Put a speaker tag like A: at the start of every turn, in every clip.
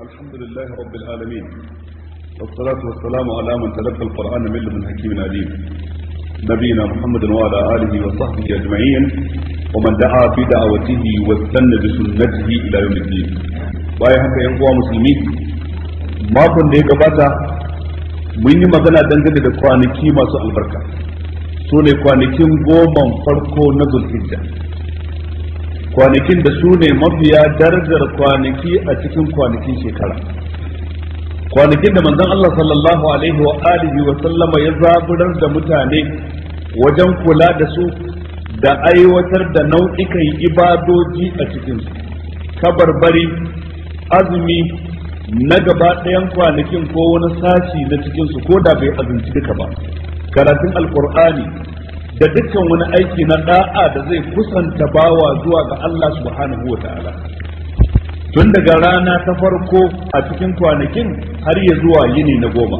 A: الحمد لله رب العالمين والصلاة والسلام على من تلقى القرآن من لدن حكيم عليم نبينا محمد وعلى آله وصحبه أجمعين ومن دعا في دعوته واستنى بسنته إلى يوم الدين باي haka yan uwa musulmi makon da ya gabata mun yi magana dangane da kwanaki masu albarka su ne kwanakin goma farko na zulhijja kwanakin da su ne mafiya darajar kwanaki a cikin kwanakin shekara kwanakin da manzon Allah sallallahu alaihi wa alihi wa sallama ya zaburar da mutane wajen kula da su da aiwatar da nau'ikan ibadoji a cikin su kabarbari azumi na gaba ɗayan kwanakin ko wani sashi na cikin su ko da bai azumci duka ba karatun alkur'ani da dukkan wani aiki na da'a da zai kusanta bawa zuwa ga Allah subhanahu wa ta'ala tun daga rana ta farko a cikin kwanakin har ya zuwa yini na goma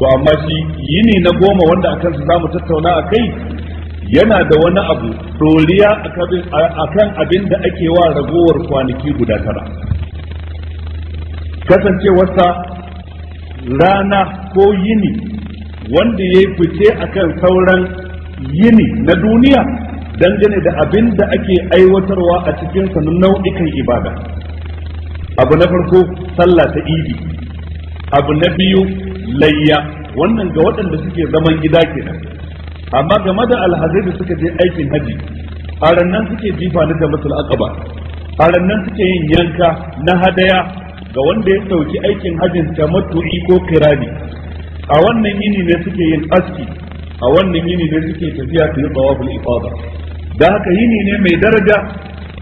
A: to amma shi yini na goma wanda a kansu za mu tattauna a kai yana da wani abu doriya a kan abin da ake wa ragowar kwanaki guda tara kasancewarsa rana ko yini wanda ya yi fice a kan sauran yini na duniya dangane da abin da ake aiwatarwa a cikin sa nau'ikan ibada abu na farko sallah ta idi abu na biyu layya wannan ga waɗanda suke zaman gida kenan amma game da alhazai da suka je aikin haji a suke jifa na jamatul aqaba a suke yin yanka na hadaya ga wanda ya sauki aikin hajin matu'i ko kirani a wannan yini ne suke yin aski a wannan yini ne suke tafiya su yi tawaful ifada da haka yini ne mai daraja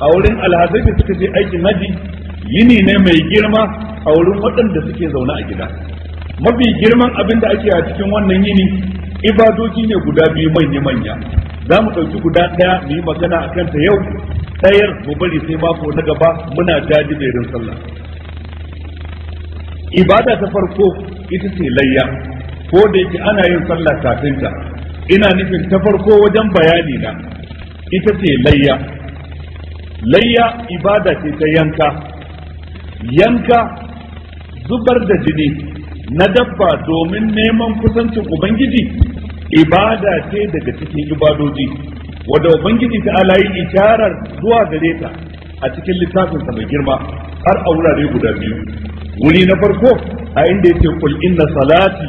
A: a wurin alhazai da suka je aikin haji yini ne mai girma a wurin waɗanda suke zaune a gida mafi girman abin da ake a cikin wannan yini ibadoji ne guda biyu manya-manya za mu ɗauki guda ɗaya mu yi magana a kanta yau ɗayar mu bari sai mako na gaba muna irin sallah ibada ta farko ita ce layya ko da yake ana yin sallah kafinta. ina nufin ta farko wajen bayani na ita ce layya layya ibada ce ta yanka yanka zubar da jini na dabba domin neman kusancin ubangiji ibada ce daga cikin ibadoji wadda ubangiji ta alayi isharar zuwa gare ta a cikin littafinsa mai girma har a wurare guda biyu wuri na farko a inda yake kul inna salati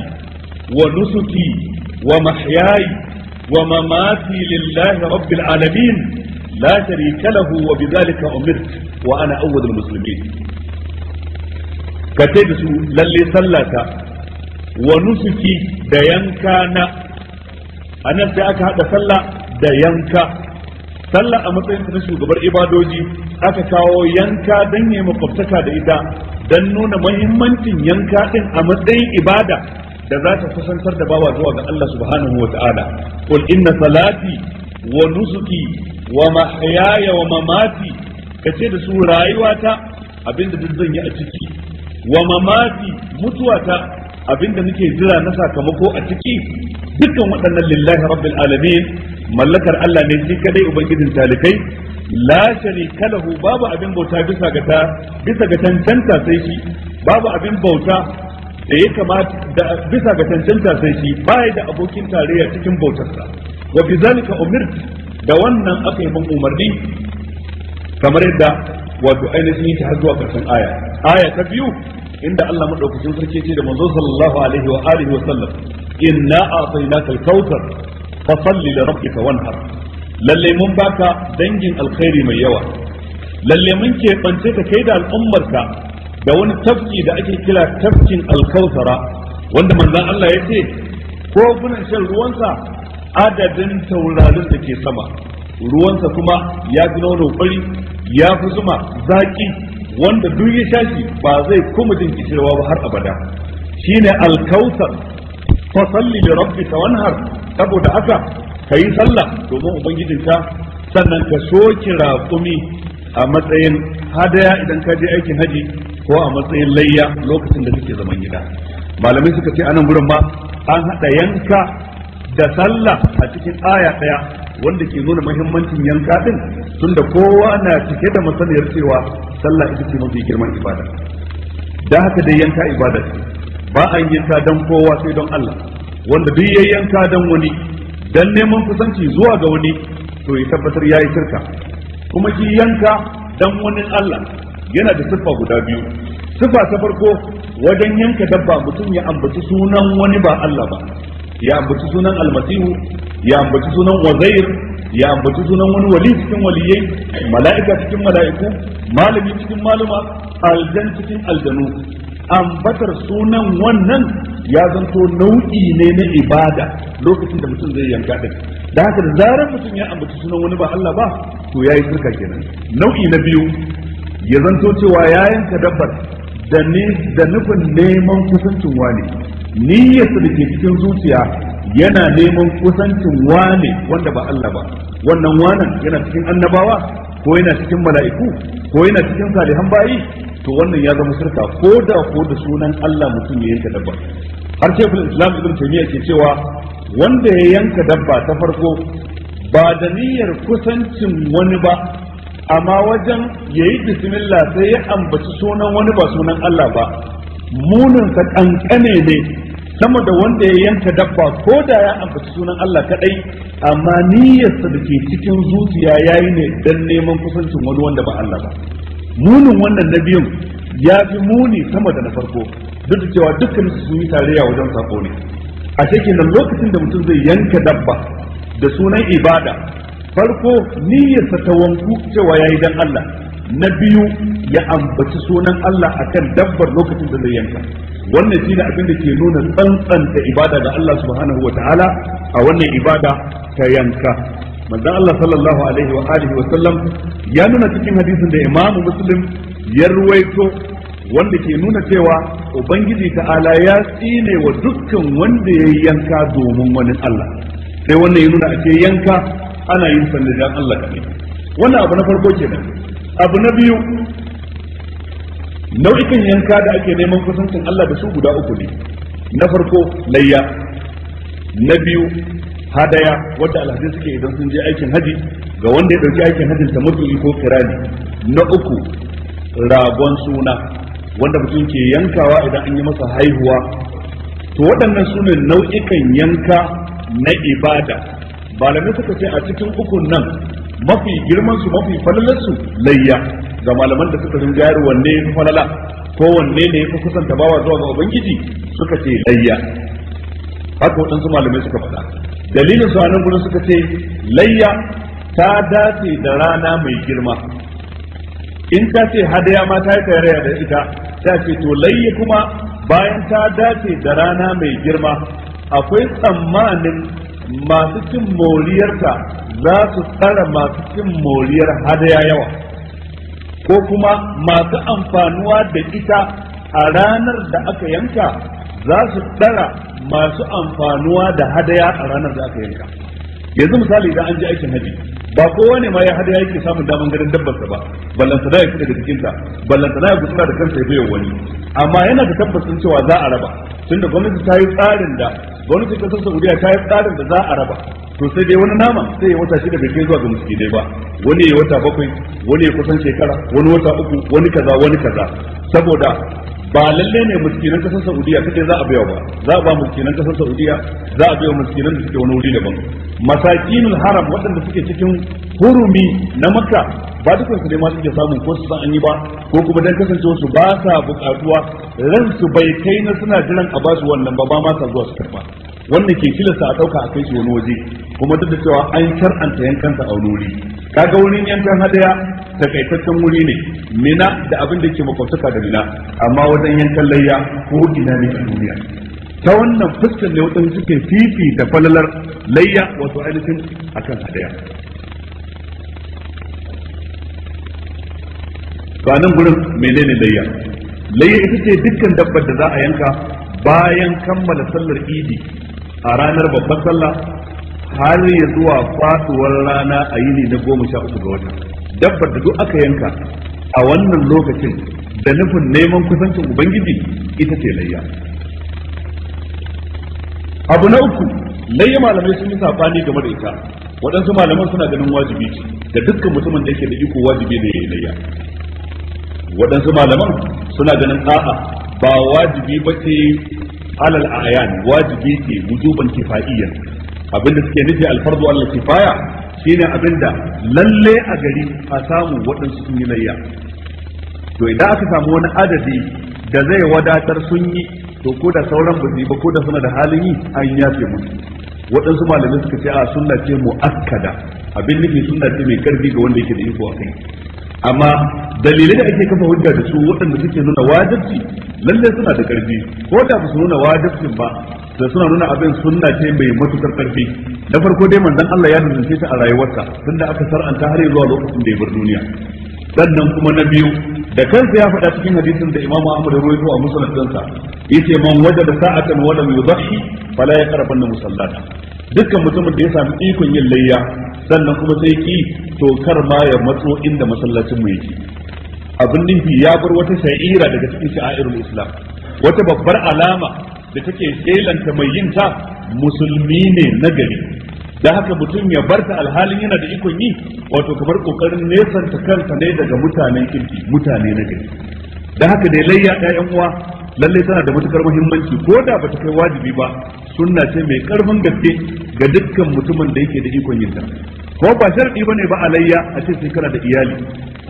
A: wa nusuki ومحياي ومماتي لله رب العالمين لا شريك له وبذلك امرت وانا اول المسلمين كتبت للي صلت ونسكي ديانكا انا سالك هذا صلى ديانكا sallah a matsayin na shugabar ibadoji aka kawo yanka don yi makwabtaka da ita don nuna mahimmancin yanka din a matsayin ibada da za ta kusantar da bawa zuwa ga Allah subhanahu wa ta'ala qul inna salati wa nusuki wa mahyaya wa mamati kace da su rayuwata abinda duk zan yi a ciki wa mamati mutuwata abinda nake jira na sakamako a ciki dukkan waɗannan lillahi rabbil alamin mallakar Allah ne shi kadai ubangijin talikai la sharika lahu babu abin bauta bisa ga ta bisa ga tantanta sai shi babu abin bauta da ya kamata da bisa ga cancanta sai shi baya da abokin tarayya cikin bautarsa wa bi zalika umirt da wannan aka yi min umarni kamar yadda wato ainihin yake har zuwa karshen aya aya ta biyu inda Allah madaukakin sarki ce da manzo sallallahu alaihi wa alihi wa sallam inna a'tainaka al-kautsar fa salli li rabbika wanhar lalle mun baka dangin alkhairi mai yawa lalle mun ke bance ka kai da al'ummarka da wani tafki da ake kira tafkin alkautara wanda manzan Allah ya ce kofunan shan ruwansa adadin taurarin da ke sama ruwansa kuma ya fi nono kwari ya fi zuma zaki wanda duk ya shashi ba zai kuma jin kishirwa ba har abada shine alkautar fasalli da rabbi ta wanhar saboda haka ka yi sallah domin ubangijinka sannan ka soki raƙumi a matsayin hadaya idan ka je aikin haji ko a matsayin layya lokacin da suke zaman gida malamai suka ce anan gurin ma an haɗa yanka da sallah a cikin aya ɗaya wanda ke nuna mahimmancin yanka din tunda kowa na cike da masaniyar cewa sallah ita ce mafi girman ibada da haka dai yanka ibada ce ba a yanka don kowa sai don Allah wanda duk ya yanka don wani dan neman kusanci zuwa ga wani to ya tabbatar yayi shirka kuma ki yanka dan wani Allah yana da siffa guda biyu siffa ta farko wajen yanka dabba mutum ya ambaci sunan wani ba Allah ba ya ambaci sunan almasihu ya ambaci sunan wazair ya ambaci sunan wani wali cikin waliyai mala'ika cikin mala'iku malami cikin maluma aljan cikin aljanu ambatar sunan wannan ya zanto nau'i ne na ibada lokacin da mutum zai yanka din da haka da zarar mutum ya ambaci sunan wani ba Allah ba to yayi shirka kenan nau'i na biyu ya zanto cewa ya yanka dabbar da nufin neman kusancin wani niyyarsa da ke cikin zuciya yana neman kusancin wane wanda ba Allah ba wannan wanan yana cikin annabawa ko yana cikin mala'iku ko yana cikin salihan bayi to wannan ya zama shirka ko da ko da sunan Allah mutum ya yanka dabba har shekul islam ibn taymiya ke cewa wanda ya yanka dabba ta farko ba da niyyar kusancin wani ba amma wajen ya yi bismillah sai ya ambaci sunan wani ba sunan Allah ba munin sa ƙanƙane ne sama da wanda ya yanka dabba ko da ya ambaci sunan Allah kadai amma niyyarsa da ke cikin zuciya yayi ne dan neman kusancin wani wanda ba Allah ba munin wannan na biyun ya fi muni sama da na farko duk da cewa dukkan su yi tarayya wajen sako ne a cikin lokacin da mutum zai yanka dabba da sunan ibada farko niyyarsa ta wanku cewa yayi dan Allah na biyu ya ambaci sunan Allah akan dabbar lokacin da zai yanka wannan shi ne abin da ke nuna tsantsanta ibada ga Allah subhanahu wa ta'ala a wannan ibada ta yanka manzon Allah sallallahu alaihi wa alihi wa sallam ya nuna cikin hadisin da Imam Muslim ya ruwaito wanda ke nuna cewa ubangiji ta'ala ya tsine wa dukkan wanda ya yanka domin wani Allah sai wannan ya nuna a ce yanka ana yin sa Allah kaɗai wannan abu na farko kenan abu na biyu nau'ikan yanka da ake neman kusancin Allah da su guda uku ne na farko layya na biyu hadaya wadda alhaji suke idan sun je aikin haji ga wanda ya ɗauki aikin hajin ta mutu ko kirani na uku ragon suna wanda mutum ke yankawa idan an yi masa haihuwa to waɗannan su ne nau'ikan yanka na ibada malamai suka ce a cikin ukun nan mafi girman su mafi falalar su layya ga malaman da suka rinjayar wanne ya fi falala ko wanne ne ya fi kusanta bawa zuwa ga ubangiji suka ce layya haka waɗansu malamai suka faɗa dalilin su a nan gudun suka ce layya ta dace da rana mai girma in ta ce hadaya ma ta yi tarayya da ita ta ce to layya kuma bayan ta dace da rana mai girma akwai tsammanin masu cin moriyarta za su tsara masu cin moriyar hadaya yawa ko kuma masu amfanuwa da ita a ranar da aka yanka za su tsara masu amfanuwa da hadaya a ranar da aka yanka yanzu misali idan an ji aikin haji ba kowa ne ma ya hada yake samun daman ganin dabbar sa ba ballan da ya fita daga cikin sa ballan sada ya gutsura da kansa ya bayar wani amma yana da tabbacin cewa za a raba tunda gwamnati ta yi tsarin da gwamnati kasar Saudiya ta yi tsarin da za a raba to sai dai wani nama sai ya wata shida bai kai zuwa ga miskinai ba wani ya wata bakwai wani ya kusan shekara wani wata uku wani kaza wani kaza saboda ba lalle ne miskinan kasar Saudiya kake za a baiwa ba za a ba miskinan kasar Saudiya za a baiwa miskinan da suke wani wuri daban masakinul haram waɗanda suke cikin hurumi na Makka ba dukkan su ne ma suke samun ko su san an yi ba ko kuma dan kasance su ba sa buƙatuwa ran su bai kai na suna jiran a basu wannan ba ba ma sa zuwa su karba wannan ke kilasta a ɗauka a kai shi wani waje kuma duk da cewa an shar'anta sa a wani wuri kaga wurin yankan hadaya takaitaccen wuri ne mina da abin da ke makwabtaka da mina amma wajen yankan layya ko ina ne a duniya ta wannan fuskar ne wadanda suke fifi da falalar layya wato ainihin akan hadaya ba nan gurin menene layya layya ita ce dukkan dabbar da za a yanka bayan kammala sallar idi a ranar babbar sallah har ya zuwa faduwar rana a yini na goma sha uku ga wata dabbar da duk aka yanka a wannan lokacin da nufin neman kusancin ubangiji ita ce layya abu na uku layya malamai sun yi sabani game da ita waɗansu malaman suna ganin wajibi da dukkan mutumin da yake da iko wajibi ne ya layya waɗansu malaman suna ganin a'a ba wajibi ba ce alal ayan wajibi ce wujuban kifaiyan abinda suke nufi alfardu Allah kifaya shine abinda lalle a gari a samu waɗansu sun yi layya to idan aka samu wani adadi da zai wadatar sun yi to ko da sauran ba ba ko da suna da halin yi an yafe mu waɗansu malamai suka ce a sunna ce mu'akkada abin nufi sunna ce mai karfi ga wanda yake da iko kai. amma dalilai da ake kafa hujja da su waɗanda suke nuna wajibci lalle suna da ƙarfi ko da su nuna wajibcin ba da suna nuna abin sunna ce mai matukar ƙarfi na farko dai manzon Allah ya nuna ta a rayuwarsa tunda aka sar'anta har zuwa lokacin da ya bar duniya sannan kuma na biyu da kansa ya faɗa cikin hadisin da imamu ahmad ruwaito a wajen dinsa yace man wajada sa'atan wa lam yudhi fala na musallata dukkan mutumin da ya samu ikon yin layya sannan kuma sai ki to kar ma ya matso inda masallacin mu yake abin nufi ya bar wata sha'ira daga cikin sha'irul islam wata babbar alama da take shelanta mai yin ta musulmi ne na gari da haka mutum ya bar ta alhalin yana da ikon yi wato kamar kokarin nesanta kanta ne daga mutanen kirki mutane na gari da haka dai layya ɗayan uwa lalle tana da matukar muhimmanci ko da bata kai wajibi ba sunna ce mai karfin gaske ga dukkan mutumin da yake da ikon yin ta ko ba sharadi bane ba alayya a ce sai kana da iyali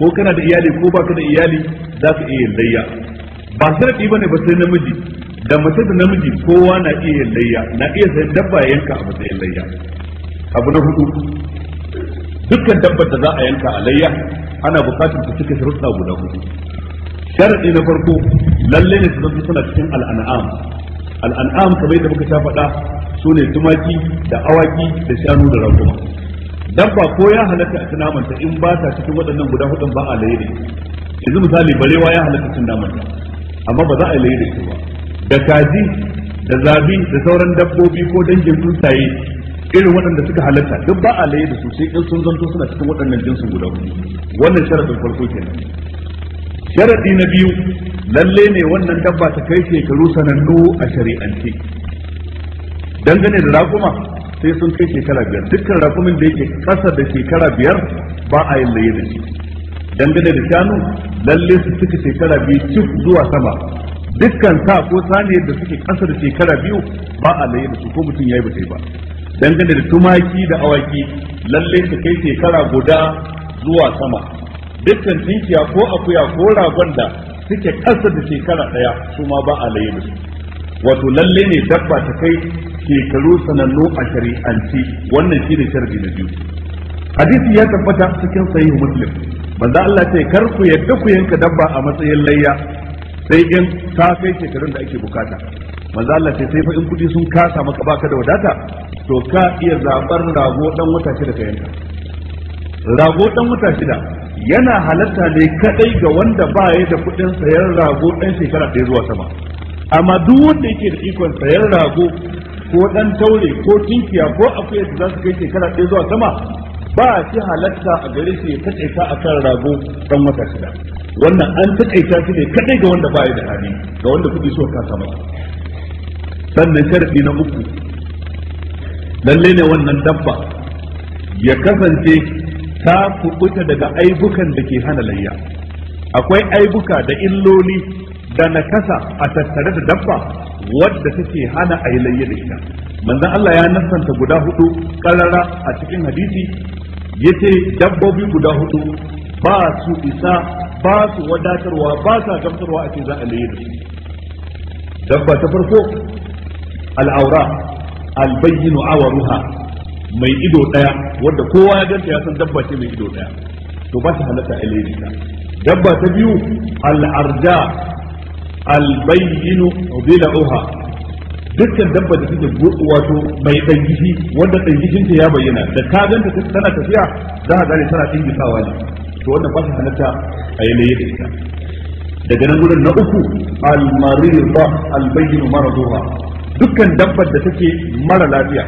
A: ko kana da iyali ko ba ka da iyali za ka iya layya ba sharadi bane ba sai namiji da mace da namiji kowa na iya layya na iya sai dabba yanka a matsayin layya abu na hudu dukkan dabbar da za a yanka alayya ana bukatar ta cika sharuɗa guda hudu sharaɗi na farko lalle ne su suna cikin al'an'am al'an'am kamar yadda muka sha faɗa su ne tumaki da awaki da shanu da raguma dabba ko ya halatta a tunamanta in ba ta cikin waɗannan guda hudun ba a laye da yanzu misali barewa ya halatta cin namanta amma ba za a layi da ita ba da kaji da zabi da sauran dabbobi ko dangin tsuntsaye irin waɗanda suka halatta duk ba a laye da su sai in sun zanto suna cikin waɗannan jinsin guda hudu wannan sharadin farko kenan sharadi na biyu lalle ne wannan dabba ta kai shekaru sanannu a shari'ance dangane da raƙuma sai sun kai shekara biyar dukkan raƙumin da yake ƙasa da shekara biyar ba a yin laye da shi dangane da shanu lalle su cika shekara biyu cif zuwa sama dukkan sa ko saniyar da suke ƙasa da shekara biyu ba a laye da su ko mutum ya yi ba ba dangane da tumaki da awaki lalle su kai shekara guda zuwa sama dukkan tinkiya ko akuya ko ragon da suke kasa da shekara daya su ma ba a laye wato lalle ne dabba ta kai shekaru sanannu a shari'anci wannan shine sharbi na biyu hadisi ya tabbata cikin sahihu muslim manzo Allah ce kar ku yadda ku yanka dabba a matsayin layya sai in ta kai shekarun da ake bukata manzo Allah sai fa in kudi sun kasa maka baka da wadata to ka iya zabar rago dan wata shida ka yanka rago dan wata shida yana halatta ne kadai ga wanda ba ya da kuɗin sayar rago dan shekara ɗaya zuwa sama amma duk wanda yake da ikon sayar rago ko dan taure ko tinkiya ko akwai da za su kai shekara ɗaya zuwa sama ba shi halatta a gare shi ya kace ta akan rago ɗan wata shida wannan an takaita shi ne kadai ga wanda baya da hali ga wanda kuɗi so ka sama sannan sharadi na uku lalle ne wannan dabba ya kasance ta kubuta daga aibukan da ke hana layya akwai aibuka da illoli da nakasa a tattare da dabba wadda take hana a yi layya da ita manzon Allah ya nasanta guda hudu ƙarara a cikin hadisi yace dabbobi guda hudu ba su isa ba su wadatarwa ba sa gamsarwa a ce za a laye da su dabba ta farko al'aura albayyinu awaruha mai ido daya wadda kowa ya ganta ya san dabba ce mai ido daya to ba su halatta a laye ta dabba ta biyu al'arda albayyinu bila'uha dukkan dabba da take wato mai dangishi wanda dangishin ya bayyana da ka ganta tana tafiya za a gane tana dingisawa ne to wannan ba shi halatta a yi laye da ita daga nan gudun na uku almarida mara maraduha dukkan dabbar da take mara lafiya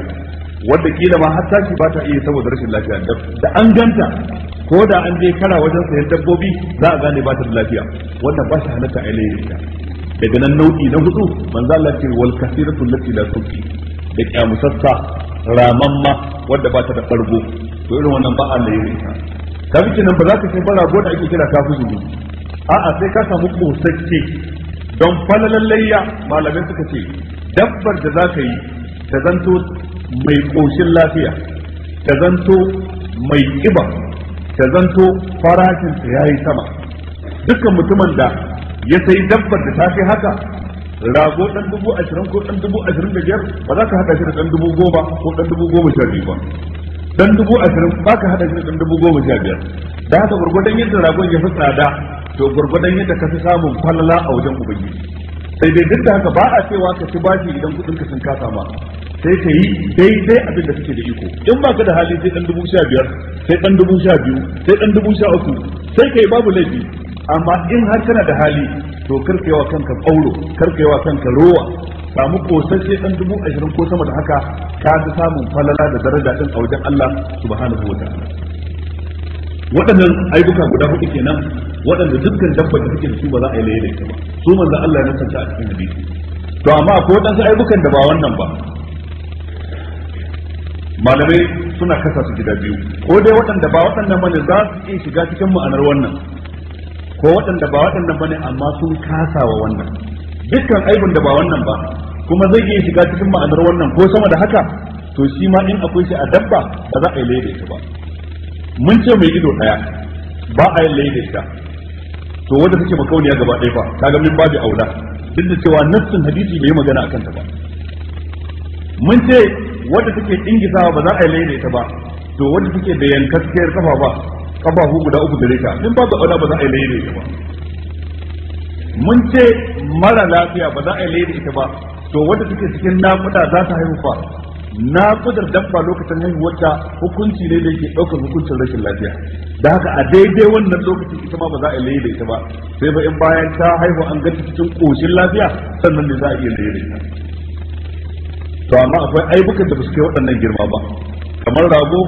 A: wadda kila ma har tashi ba ta iya saboda rashin lafiya da an ganta ko da an je kara wajen sayan dabbobi za a gane ba ta da lafiya wannan ba shi halatta a yi da ita daga nan nau'i na hudu manzo Allah ce wal kasiratu allati la tuqi da kyamusassa ramamma wadda ba ta da fargo to irin wannan ba Allah ya rinka ka bi kenan ba za ka kai rago da ake kira kafin zubi a'a sai ka samu kosakke don falalan layya malamai suka ce dabbar da za ka yi ta zanto mai koshin lafiya ta zanto mai ƙiba ta zanto farashin ta yi sama dukkan mutumin da ya sayi dabbar da ta fi haka rago dan dubu ashirin ko dan dubu ashirin da biyar ba za ka haɗa shi da dan dubu goma ko dan dubu goma sha biyu ba dan dubu ashirin baka hada shi dan dubu goma sha biyar da haka gurgudan yadda ragon ya fi tsada to gurgudan yadda ka fi samun kwallala a wajen ubangiji sai dai duk da haka ba a cewa ka ci bashi idan kudin ka sun kasa ma sai ka yi daidai abin da kake da iko in ba ka da hali sai dan dubu sha biyar sai dan dubu sha biyu sai dan dubu sha uku sai ka yi babu laifi amma in har kana da hali to karkewa kanka tsauro karkewa kanka rowa samu kosasshe dan dubu ashirin ko sama da haka ka fi samun falala da daraja din a wajen Allah subhanahu wa ta'ala waɗannan ayyuka guda hudu kenan waɗanda dukkan dabba da take da su ba za a yi laye da ita ba su manzo Allah ya nasanta a cikin hadisi to amma akwai waɗansu ayyukan da ba wannan ba malamai suna kasa su gida biyu ko dai waɗanda ba waɗannan bane za su iya shiga cikin ma'anar wannan ko waɗanda ba waɗannan bane amma sun kasa wa wannan dukkan aibin da ba wannan ba kuma zai iya shiga cikin ma'anar wannan ko sama da haka to shi ma in akwai shi a dabba ba za a yi laida ba mun ce mai ido daya ba a yi laida to wanda take makauniya gaba ɗaya ba ga min babu aula duk da cewa nassin hadisi bai yi magana akan ta ba mun ce wanda take dingisawa ba za a yi laida ita ba to wanda take da yankaskiyar kafa ba hu guda uku da rika min babu aula ba za a yi laida ita ba mun ce mara lafiya ba za a yi da ita ba to wanda suke cikin nakuda za ta haihu fa na kudar dabba lokacin haihuwarta hukunci ne da yake ɗaukar hukuncin rashin lafiya da haka a daidai wannan lokacin ita ma ba za a yi da ita ba sai ba in bayan ta haihu an ganta cikin koshin lafiya sannan ne za a iya laye da ita to amma akwai aibukan da ba su kai waɗannan girma ba kamar rago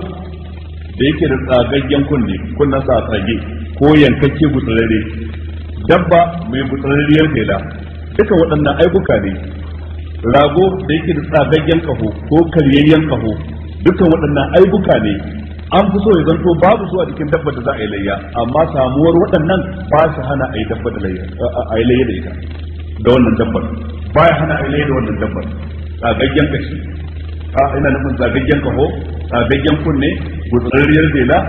A: da yake da tsagaggen kunne kunnen sa tsage ko yankakke gutsurare dabba mai butsarariyar hela duka waɗannan aibuka ne rago da yake da tsagaggen kaho ko karyayyen kaho dukkan waɗannan aibuka ne an fi so ya zanto babu su a jikin dabba da za a yi layya amma samuwar waɗannan ba su hana a yi dabba da layya a yi layya da ita da wannan dabbar ba ya hana a yi layya da wannan dabbar tsagaggen kashi a ina nufin tsagaggen kaho tsagaggen kunne gutsararriyar bela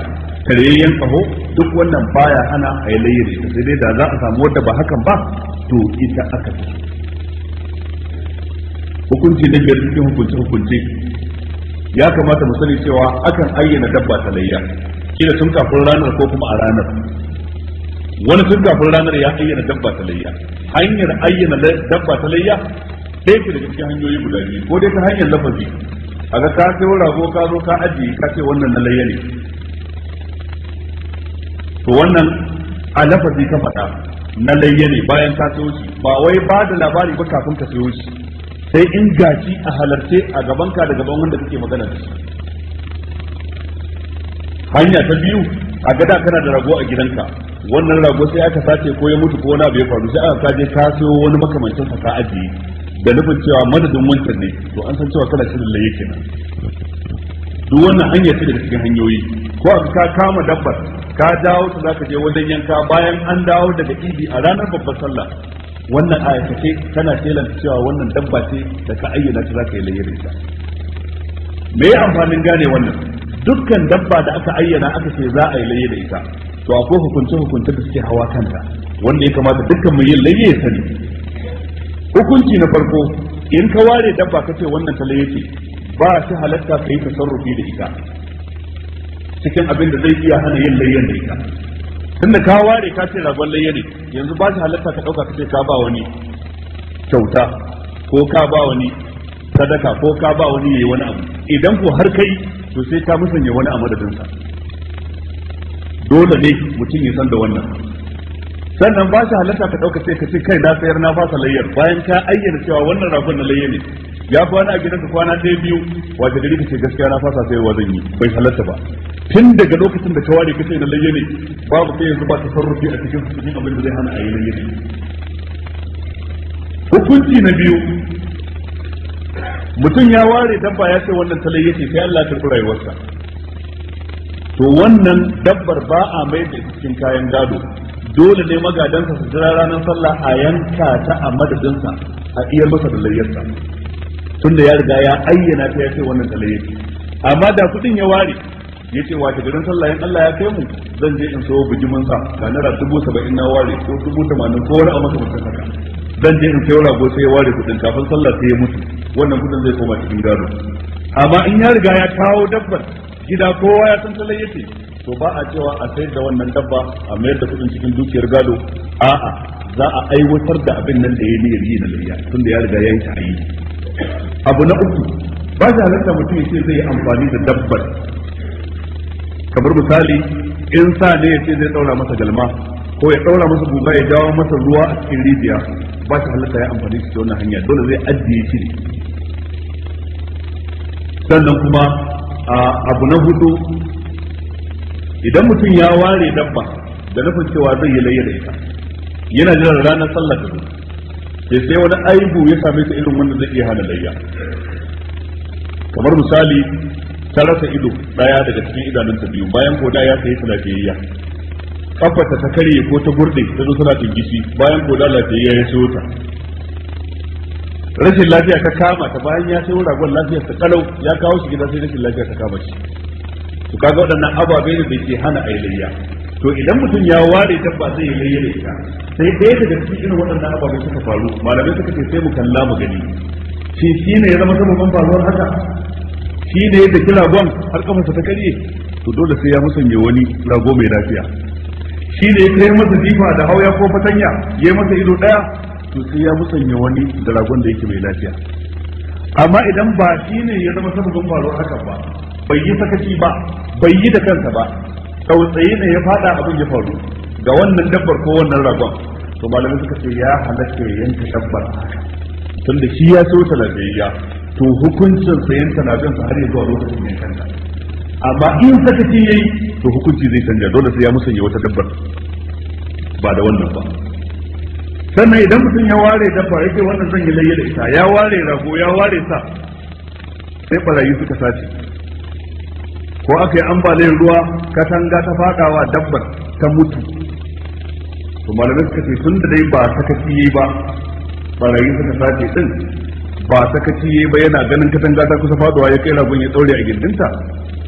A: karyayyen kaho duk wannan baya hana a yi layyar sai dai da za a samu wadda ba hakan ba to ita aka fi hukunci na biyar cikin hukunci hukunci ya kamata mu sani cewa akan ayyana dabba ta layya kila tun kafin ranar ko kuma a ranar wani tun kafin ranar ya ayyana dabba ta layya hanyar ayyana dabba ta layya ɗaya daga cikin hanyoyi guda biyu ko dai ta hanyar lafazi a ga ka sayo rago ka zo ka ajiye ka ce wannan na layya ne to wannan a lafazi ka faɗa na layya ne bayan ka sayo shi ba wai ba da labari ba kafin ka sayo shi sai in gaci a halarce a gaban ka da gaban wanda kake magana da shi hanya ta biyu a gada kana da rago a gidanka wannan rago sai aka sace ko ya mutu ko wani abu ya faru sai aka kaje ka sayo wani makamancin sa ka ajiye da nufin cewa madadin wancan ne to an san cewa kana shirin laye kenan duk wannan hanya ce daga cikin hanyoyi ko a ka kama dabbar ka dawo ta ka je wajen yanka bayan an dawo daga idi a ranar babbar sallah wannan aya ce tana telan cewa wannan dabba ce da ka ayyana ta ka yi layyar ita me amfanin gane wannan dukkan dabba da aka ayyana aka ce za a yi da ita to akwai hukunce hukunce da suke hawa kanta wanda ya kamata dukkan mu yin layyar sani hukunci na farko in ka ware dabba ka ce wannan ta layyar ba shi halatta ka yi tasarrufi da ita cikin abin da zai iya hana yin layyan da ita tunda ka ware ka ce ragon layya ne yanzu ba shi halatta ka dauka kace ka ba wani kyauta ko ka ba wani sadaka ko ka ba wani yayi wani abu idan ko har kai to sai ka musanya wani a madadin sa dole ne mutum ya san da wannan sannan ba shi halatta ka dauka sai ka ce kai na sayar na fasa layyar bayan ka ayyana cewa wannan ragon na layya ne ya kwana a gidanka kwana ɗaya biyu wace gari kace gaskiya na fasa sayarwa zan yi bai halarta ba tun daga lokacin da ka ware kace na layye ne babu sai yanzu ba tasarrufi a cikin cikin abin da zai hana a yi layye hukunci na biyu mutum ya ware dabba ya ce wannan ta layye ce sai Allah ya karɓi rayuwarsa to wannan dabbar ba a mai da cikin kayan gado dole ne magadansa su jira ranar sallah a yanka ta a madadinsa a iya masa da layyarsa tunda ya riga ya ayyana ta ya ce wannan talaye amma da kudin ya ware ya ce wata garin sallah in Allah ya kai mu zan je in sayo bijimin sa ga naira dubu saba'in na ware ko dubu tamanin ko wani a masa mutum haka zan je in sayo rago sai ya ware kudin kafin sallah sai ya mutu wannan kudin zai koma cikin gado amma in ya riga ya kawo dabbar gida kowa ya san talaye ce to ba a cewa a sayar da wannan dabba a mayar da kudin cikin dukiyar gado a'a za a aiwatar da abin nan da ya niyyar yi na layya tunda ya riga ya yi ta'ayi abu na uku ba shi halitta mutum ya ce zai yi amfani da dabbar kamar misali in sa ne ya ce zai daura masa galma ko ya daura masa guga ya jawo masa ruwa a cikin rijiya ba shi halitta ya amfani da wannan hanya dole zai ajiye shi sannan kuma abu na hudu idan mutum ya ware dabba da nufin cewa zai yi layyar da ita yana jiran ranar sallah ta ya sai wani aibu ya same ta irin wanda zai iya hana layya kamar misali ta rasa ido daya daga cikin idanunta biyu bayan da ya sayi ta lafiyayya kafarta ta karye ko ta gurde ta zo tana tingisi bayan ko da lafiyayya ya sayo ta rashin lafiya ka kama ta bayan ya sayo ragon lafiyar ta kalau ya kawo shi gida sai rashin lafiya ta kama shi to kaga waɗannan ababe ne da ke hana ailayya to idan mutum ya ware dabba sai ya bayyana ita sai ɗaya daga cikin irin waɗannan ababen suka faru malamai suka ce sai mu kalla mu gani shi shi ne ya zama sababin faruwar haka shi ne da kila gwan har kafarsa ta karye to dole sai ya musanya wani rago mai lafiya shi ne ya kai masa jifa da hauya ko fatanya ya masa ido ɗaya to sai ya musanya wani da ragon da yake mai lafiya amma idan ba shi ne ya zama sababin faruwar haka ba bai yi sakaci ba bai yi da kansa ba tsautsayi ne ya fada abin ya faru ga wannan dabbar ko wannan ragon to malamai suka ce ya halatta yanka dabbar tunda shi ya so ta lafiyayya to hukuncin sa yanka na bin har ya zuwa lokacin yankan ta amma in sakaci yayi to hukunci zai canja dole sai ya musanya wata dabbar ba da wannan ba sannan idan mutum ya ware dabba yake wannan zan yi layya da ita ya ware rago ya ware sa sai barayi suka sace ko aka yi ambaliyar ruwa katanga ta fadawa dabbar ta mutu to malamai suka ce tun da dai ba sakaci yi ba barayi suka sace din ba sakaci yi ba yana ganin katanga ta kusa fadawa ya kai ragun ya daure a gindinta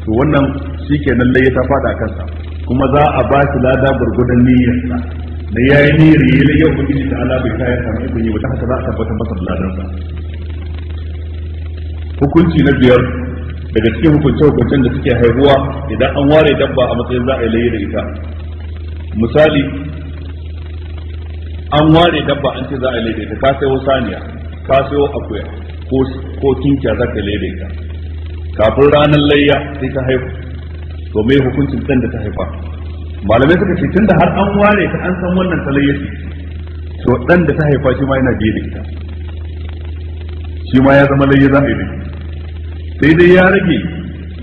A: to wannan shikenan lai ta fada kansa kuma za a ba shi lada gurgudan niyyarsa da ya yi niyyar yi lai yau ubangiji ta ala bai kaya samu ibn yi wata haka za a tabbatar masa da ladansa hukunci na biyar daga cikin hukunce hukuncen da suke haihuwa idan an ware dabba a matsayin za a yi da ita misali an ware dabba an ce za a yi da ita ka sayo saniya ka sayo akuya ko tunkiya za ka yi da ita kafin ranar layya sai ta haihu to mai hukuncin dan da ta haifa malamai suka ce tun da har an ware ta an san wannan talayya to dan da ta haifa shi ma yana biye da ita shi ma ya zama layya za a yi da ita sai dai ya rage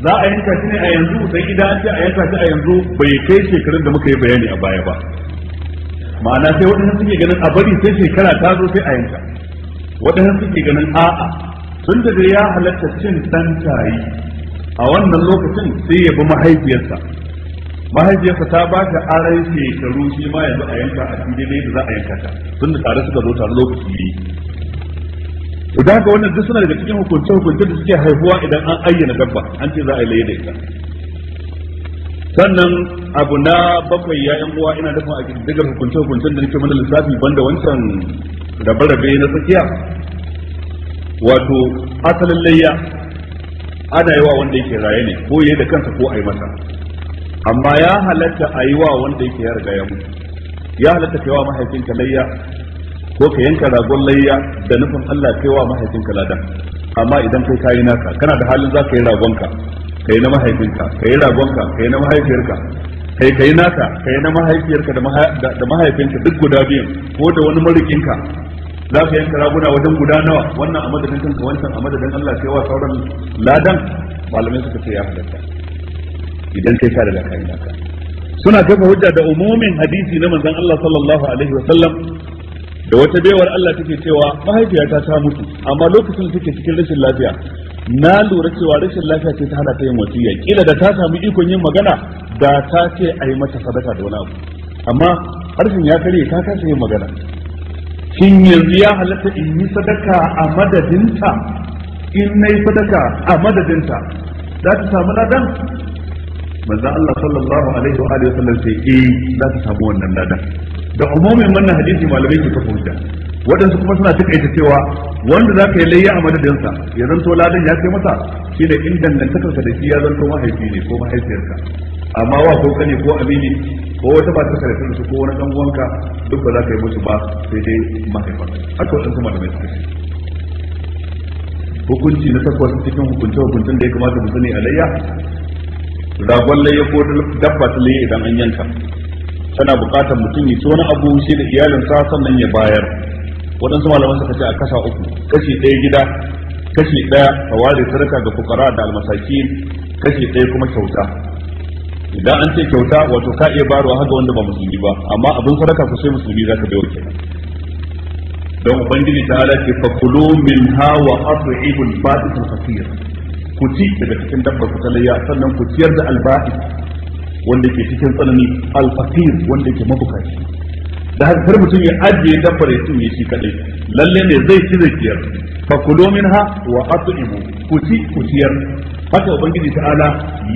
A: za a yanka shi ne a yanzu sai idan an ce a yanka shi a yanzu bai kai shekarun da muka yi bayani a baya ba ma'ana sai waɗannan suke ganin a bari sai shekara ta zo sai a yanka waɗannan suke ganin a'a tun da ya halatta cin ɗan a wannan lokacin sai ya bi mahaifiyarsa mahaifiyarsa ta ba ta aran shekaru shi ma yanzu a yanka a cikin da za a yanka ta tun da tare suka zo tare lokaci ne idan ka wannan duk suna daga cikin hukunce hukunce da suke haihuwa idan an ayyana dabba an ce za a yi da ita sannan abu na bakwai ya yan uwa ina dafa a kididdigar hukunce hukuncen da nake mana lissafi banda wancan rabe-rabe na tsakiya wato asalin layya ana yi wa wanda yake raye ne ko yayi da kansa ko ayi masa amma ya halatta a yi wa wanda yake ya riga ya mutu ya halatta kai wa mahaifinka layya ko ka yanka ragon layya da nufin Allah kai wa mahaifinka ladan amma idan kai kayi naka kana da halin za ka yi ragonka ka yi na mahaifinka ka yi ragonka ka yi na mahaifiyarka kai kai naka kai na mahaifiyarka da mahaifinka duk guda biyan ko da wani marikinka za ka yanka raguna wajen guda nawa wannan a madadin kanka wancan a madadin Allah sai wa sauran ladan malamai suka ce ya halatta idan kai ka da kai naka suna kafa hujja da umumin hadisi na manzon Allah sallallahu alaihi wa sallam da wata baiwar Allah take cewa mahaifiyata ta mutu amma lokacin da take cikin rashin lafiya na lura cewa rashin lafiya ce ta hana ta yin wasiya kila da ta samu ikon yin magana da ta ce a yi mata sadaka da wani abu amma harshen ya karye ta kasa yin magana shin yanzu ya halatta in yi sadaka a madadinta in na yi sadaka a madadinta za ta samu ladan manzan Allah sallallahu alaihi wa alihi wa sai eh za ta samu wannan ladan da umumin manna hadisi malamai ke kafa hujja waɗansu kuma suna taƙaita cewa wanda za ka yi layya a madadinsa ya zanto ladan ya ce masa shi da in da shi ya zanto mahaifi ne ko mahaifiyarka amma wa ko kane ko amini ko wata ba ta karfe su ko wani dan uwanka duk ba za ka yi musu ba sai dai mahaifar, haka waɗansu malamai suka ce hukunci na takwas cikin hukunce hukuncin da ya kamata mu sani a layya ragon layya ko dabba ta layya idan an yanka tana buƙatar mutum ya wani abu shi da iyalinsa sannan ya bayar waɗansu malaman suka ce a kasa uku kashi ɗaya gida kashi ɗaya a ware sadaka ga fukara da almasaki kashi ɗaya kuma kyauta idan an ce kyauta wato ka iya bayarwa haka wanda ba musulmi ba amma abin sadaka ku sai musulmi za ka bai wa kenan don ubangiji ta ke fakulu min hawa asu'ibul ba'isul fakir ku ci daga cikin dabbar ku talayya sannan ku ciyar da alba'is wanda ke cikin tsanani alfakir wanda ke mabukaci da haka kar mutum ya ajiye dabbar ya cinye shi kadai lalle ne zai ci zai ciyar fa kulu minha wa at'imu ku ci ku ciyar haka ubangiji ta'ala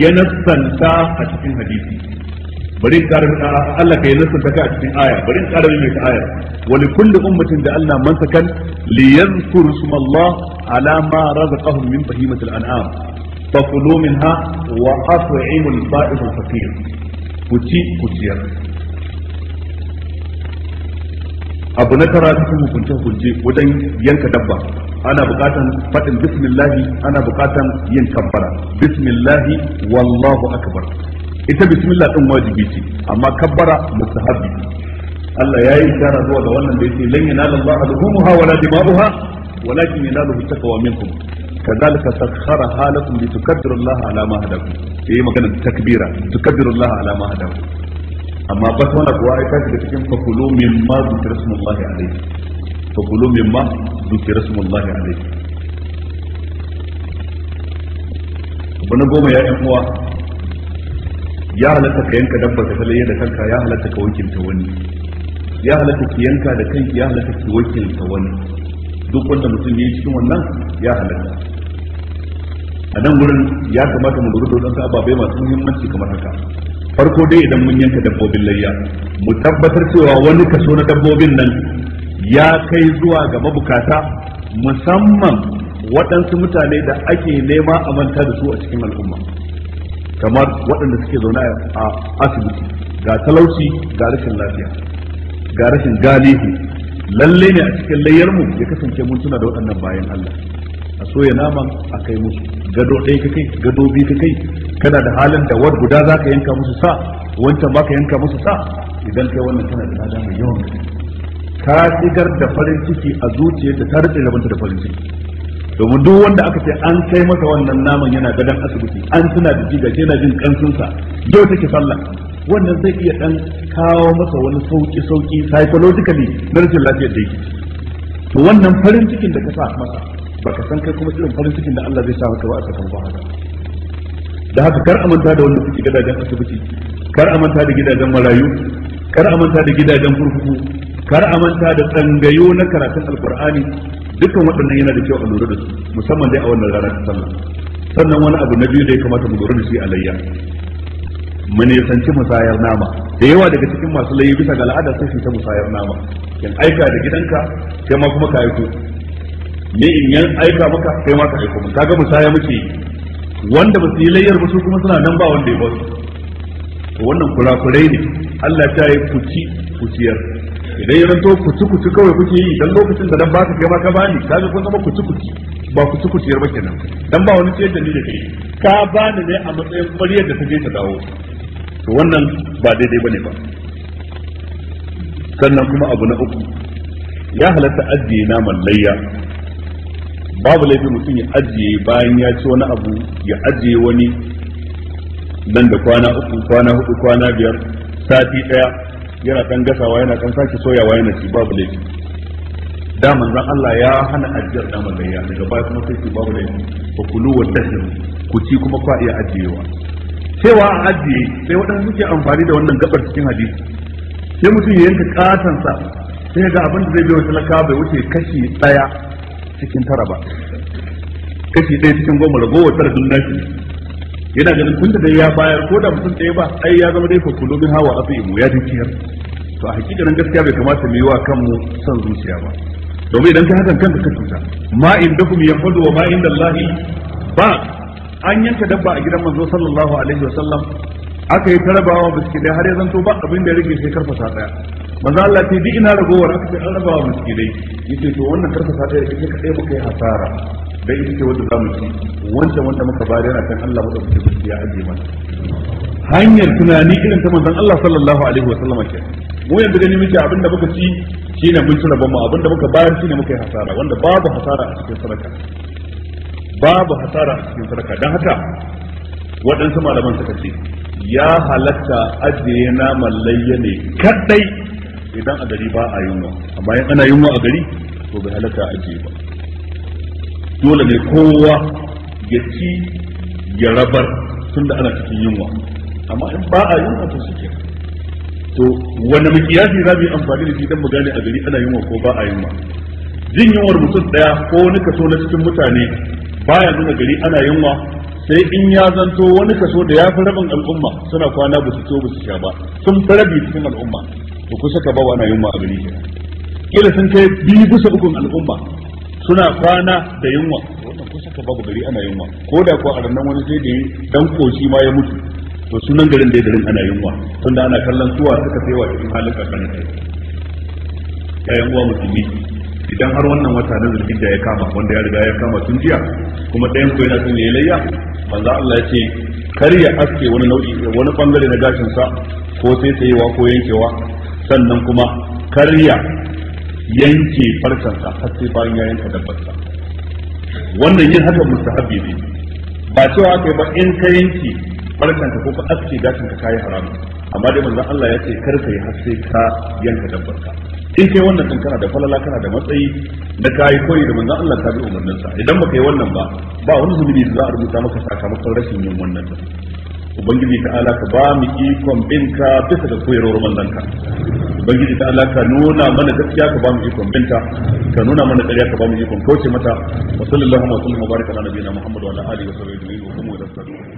A: ya nassanta a cikin hadisi bari in ƙara Allah ka nassanta ka a cikin aya bari in ƙara mai aya wa li kulli ummatin da Allah man sakan li yadhkuru smallah ala ma razaqahum min bahimatil an'am fakulu minha wa at'imul ba'idul fakir ku ci ku ciyar abu na tara cikin hukunce hukunce wajen yanka dabba ana bukatan faɗin bismillahi ana bukatan yin kabbara bismillahi wallahu akbar ita bismillah ɗin wajibi ce amma kabbara mustahabbi Allah ya yi ishara zuwa ga wannan da yake lan yanala Allah al-humuha wala dima'uha walakin yanaluhu taqwa minkum كذلك سخرها لكم لتكبروا الله على ما هداكم ايه مكان التكبيره تكبروا الله على ما هداكم amma ba ta wani kuwa aika da cikin fakulu min ma zukira sumullahi alaihi fakulu min ma zukira sumullahi na goma ya yan uwa ya halatta ka yanka dabba ka talaye da kanka ya halatta ka wakilta wani ya halatta ki yanka da kanki ya halatta ki wakilta wani duk wanda mutum ya yi cikin wannan ya halatta a nan wurin ya kamata mu lura da ababai masu muhimmanci kamar haka farko dai idan mun yanka dabbobin layya mu tabbatar cewa wani kaso na dabbobin nan ya kai zuwa ga mabukata musamman waɗansu mutane da ake nema a manta da su a cikin al'umma kamar waɗanda suke zaune a asibiti ga talauci ga rashin lafiya ga rashin galihu lalle ne a cikin layyarmu ya kasance mun tuna da waɗannan bayan Allah a soya naman a kai musu gado ɗaya ka kai gado biyu ka kai kana da halin da wani guda za ka yanka musu sa wancan ba ka yanka musu sa idan kai wannan tana da lada mai yawan ka shigar da farin ciki a zuciyarta da ta rike rabanta da farin ciki domin duk wanda aka ce an kai masa wannan naman yana gadon asibiti an tuna da jiga yana jin kansunsa yau take sallah wannan zai iya dan kawo masa wani sauki sauki psychologically na rashin lafiyar da yake to wannan farin cikin da ka sa masa ka san kai kuma irin farin cikin da Allah zai sa maka ba a ba haka da haka kar amanta da wanda suke gidajen asibiti kar amanta da gidajen marayu kar amanta da gidajen kurkuku kar amanta da tsangayo na karatun alkur'ani dukkan waɗannan yana da kyau a lura da su musamman dai a wannan rana ta sallah sannan wani abu na biyu da ya kamata mu lura da shi alayya mu sanci musayar nama da yawa daga cikin masu layi bisa ga al'ada sai ta musayar nama in aika da gidanka kai ma kuma ka aiko ne in yan aika maka kai ma ka aiko mu kaga musaya muke wanda ba su yi layyar ba su kuma suna nan ba wanda ya ba su to wannan kurakurai ne Allah ta yi kuci kuciyar idan ya zanto kuci kuci kawai kuke yi dan lokacin da dan ba ka kai ma ka bani kaga kun zama kuci kuci ba kuci ba kenan dan ba wani ce da ni da kai ka bani ne a matsayin muryar da ta je ta dawo to wannan ba daidai bane ba sannan kuma abu na uku ya halatta ajiye naman layya babu laifi mutum ya ajiye bayan ya ci wani abu ya ajiye wani nan da kwana uku kwana hudu kwana biyar sati daya yana kan gasawa yana kan sake soyawa yana ci babu laifi da manzon Allah ya hana ajiyar da magayya daga baya kuma sai babu laifi ko kulu wa tahiru ku ci kuma kwa iya ajiyewa cewa a ajiye sai waɗanda suke amfani da wannan gabar cikin hadisi sai mutum ya yanka katansa sai ga abin da zai bai wa talaka bai wuce kashi daya cikin tara ba kashi ɗaya cikin goma goma tara dun nashi yana ganin kun da dai ya bayar ko da mutum ɗaya ba ai ya zama dai fa kullu min hawa mu ya dukiyar to a hakikanin gaskiya bai kamata mu yi wa kanmu son zuciya ba domin idan ka hakan kanka ka cuta ma indakum yanfadu wa ma ba an yanka dabba a gidan manzo sallallahu alaihi wasallam aka yi tarabawa biski dai har ya zanto ba abin da ya rage sai karfasa ɗaya. manzo Allah sai duk ina ragowar aka ce an rabawa miskinai yace to wannan karka sa ta yake kai kadai muka yi hasara dan ita ce wanda zamu ci wancan wanda muka bayar yana kan Allah muka fice gaske ya aje mana hanyar tunani irin ta manzon Allah sallallahu alaihi wa sallam ke mu yanzu gani muke abinda muka ci shine mun ci rabon abinda muka bayar shine muka yi hasara wanda babu hasara a cikin sadaka babu hasara a cikin sadaka dan haka waɗansu malaman suka ce ya halatta ajiye naman layya ne kadai idan a gari ba a yunwa amma in ana yunwa a gari to bai halatta ajiye ba dole ne kowa ya ci ya rabar tunda ana cikin yunwa amma in ba a yunwa to shi to wani mikiyasi za mu yi amfani da shi dan mu gane a gari ana yunwa ko ba a yunwa jin yunwar mutum daya ko wani kaso na cikin mutane baya nuna gari ana yunwa sai in ya zanto wani kaso da ya fi rabin al'umma suna kwana ba su to ba su ba sun fi rabi cikin al'umma to kusa ka babu ana yunwa a gari kila sun kai biyu kusa ukun al'umma suna kwana da yunwa wannan kusa ka babu gari ana yunwa ko da ko a rannan wani sai da dan koshi ma ya mutu to sunan garin da garin ana yunwa tunda ana kallon suwa suka wa cikin halin kakanin ta. ya uwa musulmi idan har wannan wata na da ya kama wanda ya riga ya kama tun jiya kuma ɗayan ko yana son ya layya manzo Allah ya ce kar ya aske wani nau'i wani bangare na gashin sa ko sai sayewa ko yankewa sannan kuma karya yanke farkansa har sai bayan ya yanka dabbarsa wannan yin haka mustahabi ne ba cewa yi ba in ka yanke farkanka ko ka aske gashin ka kai haram amma dai manzon Allah ya ce kar kai har sai ka yanka dabbarka in kai wannan din kana da falala kana da matsayi da kai koyi da manzon Allah ka bi umarninsa idan baka yi wannan ba ba wani zunubi da za a rubuta maka sakamakon rashin yin wannan din ubangiji ta'ala ka ba mu ikon binka bisa ga koyarwar ka. ubangiji ta Allah ka nuna mana gaskiya ka ba mu ikon binta ka nuna mana ƙarya ka ba mu ikon kauce mata wa sallallahu alaihi wa sallam baraka ala nabiyina muhammad wa ala alihi wa sahbihi wa sallam